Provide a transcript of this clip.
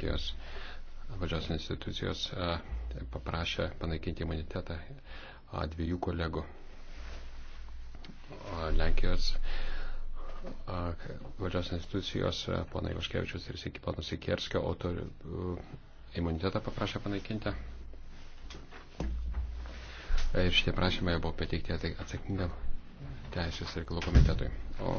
Turkijos valdžios institucijos e, paprašė panaikinti imunitetą dviejų kolegų. Lenkijos valdžios institucijos, e, ponai Vaškevičius ir ponas Sikerskio, autorių imunitetą paprašė panaikinti. E, ir šitie prašymai buvo pateikti atsakingam teisės reikalų komitetui. O